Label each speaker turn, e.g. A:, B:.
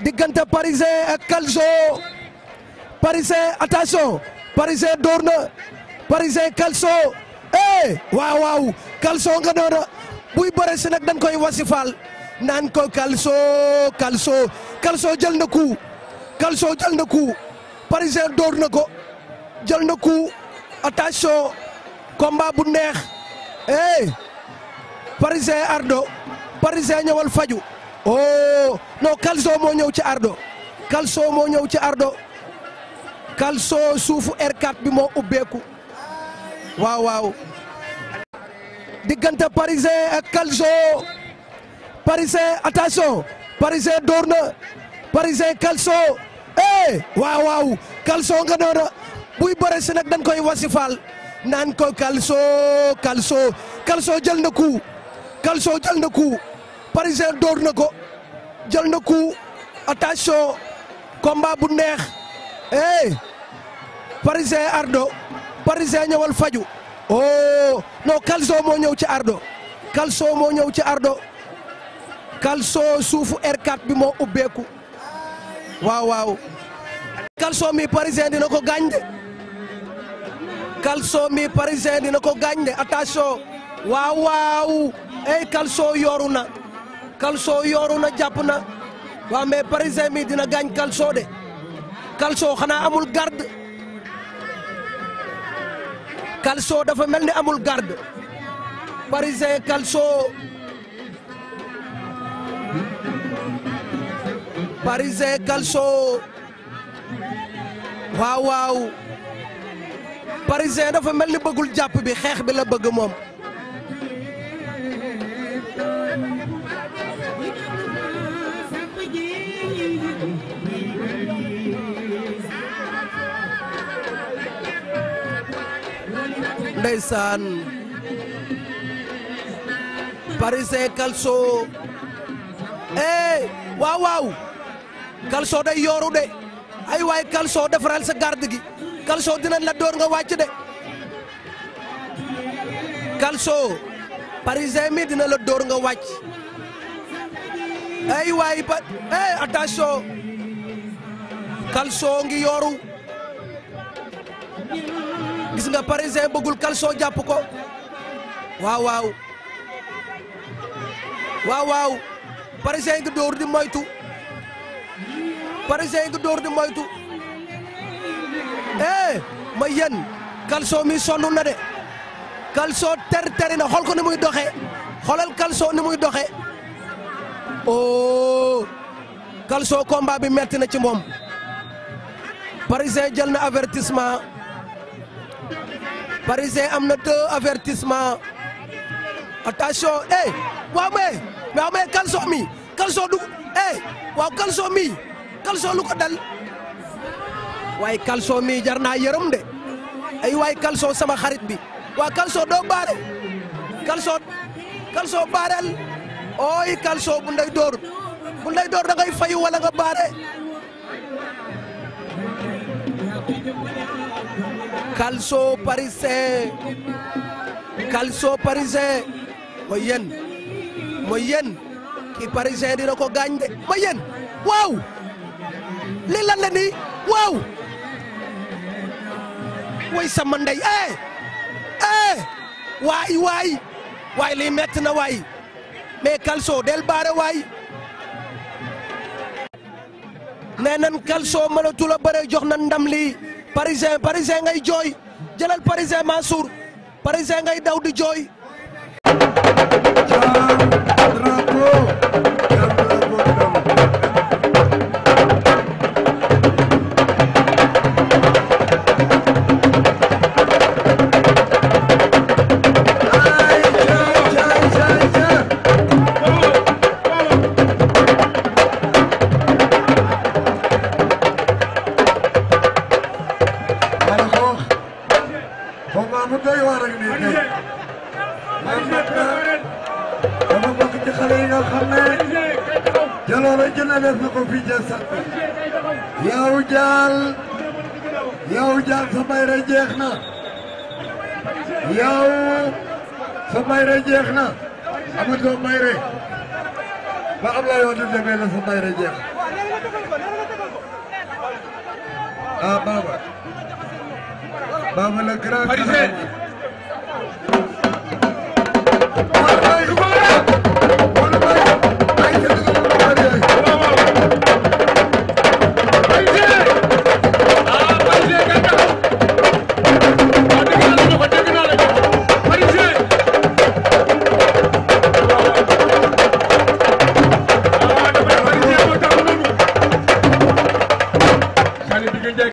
A: diggante parisien ak calcio parisien attention parisien door na parisien calcio eh waaw waaw calcio nga noona buy bëre si nag dañ koy wasifaal naan ko calcio calcio jël na ku calcio jël na ku parisien door na ko jël na ku attention combat bu neex eh parisien ardo parisien ñëwal faju oh non Calcio moo ñëw ci Ardo Calcio moo ñëw ci Ardo Calcio suufu R4 bi moo ubbeeku waaw waaw diggante parisien ak Calcio parisien attention parisien door na parisien Calcio eh waaw waaw Calcio nga noona buy bëre si nag dañ koy wasifaal naan ko Calcio Calcio Calcio jël na ku Calcio jël na ku parisien door na ko jël na coup attention combat bu neex eh parisien ardo parisien ñëwal faju oh non calso moo ñëw ci ardo calso moo ñëw ci ardo calso suufu R4 bi moo ubbeeku waaw waaw calso mi parisien dina ko gaañ de calso mi parisien dina ko gaañ de attention waaw waaw ey eh, calso yooru na Calcio yooru na jàpp na waa mais parisien mi dina gaañ Calcio de Calcio xanaa amul garde Calcio dafa mel ni amul garde parisien Calcio parisien Calcio waaw waaw parisien dafa mel ni bëggul jàpp bi xeex bi la bëgg moom. ndeysaan Paris et Calcio eh waaw waaw Calcio day yooru de ay waay Calcio defaral sa garde gi kalsoo dinañ la door nga wàcc de Calcio parisien mi dina la door nga wàcc ay waay ba eh attention Calcio ngi yooru gis nga parisien bëggul calson jàpp ko waaw waaw waaw waaw parisien ngi dóor di moytu parisien ngi dóor di moytu eh ma yéen calson mi sonn na de calson ter teri na xool ko ni muy doxe xoolal calson ni muy doxe oh calson combat bi metti na ci moom parisien jël na avertissement Parisien am na deux avertissement attention eh waaw mais waaw mais Kalso mi Kalso du eh waaw Kalso mi Kalso lu ko dal mi jar naa yërëm de ay waay Kalso sama xarit bi waa Kalso doo baare Kalso Kalso baareel ooy Kalso bu door bu door da ngay fayu nga baare Calcio parisien Calcio parisien mooy yéen mooy yéen kii parisien dina ko gaañ de mooy waaw lii lan la nii waaw way sama ndey eh eh waay waay waay lii metti na waay mais del baare waay. nee nan Calcio mënatul a bëre jox nan ndam lii parisien parisien ngay jooy jëlal parisien Mansour parisien ngay daw di jooy. jëna def na ko fii ca sat yow jaal sa bayra jeex na yow sa bayra jeex na amatoo bayre ba am lay woote demee na sa bayra jeex ah baba baba la grand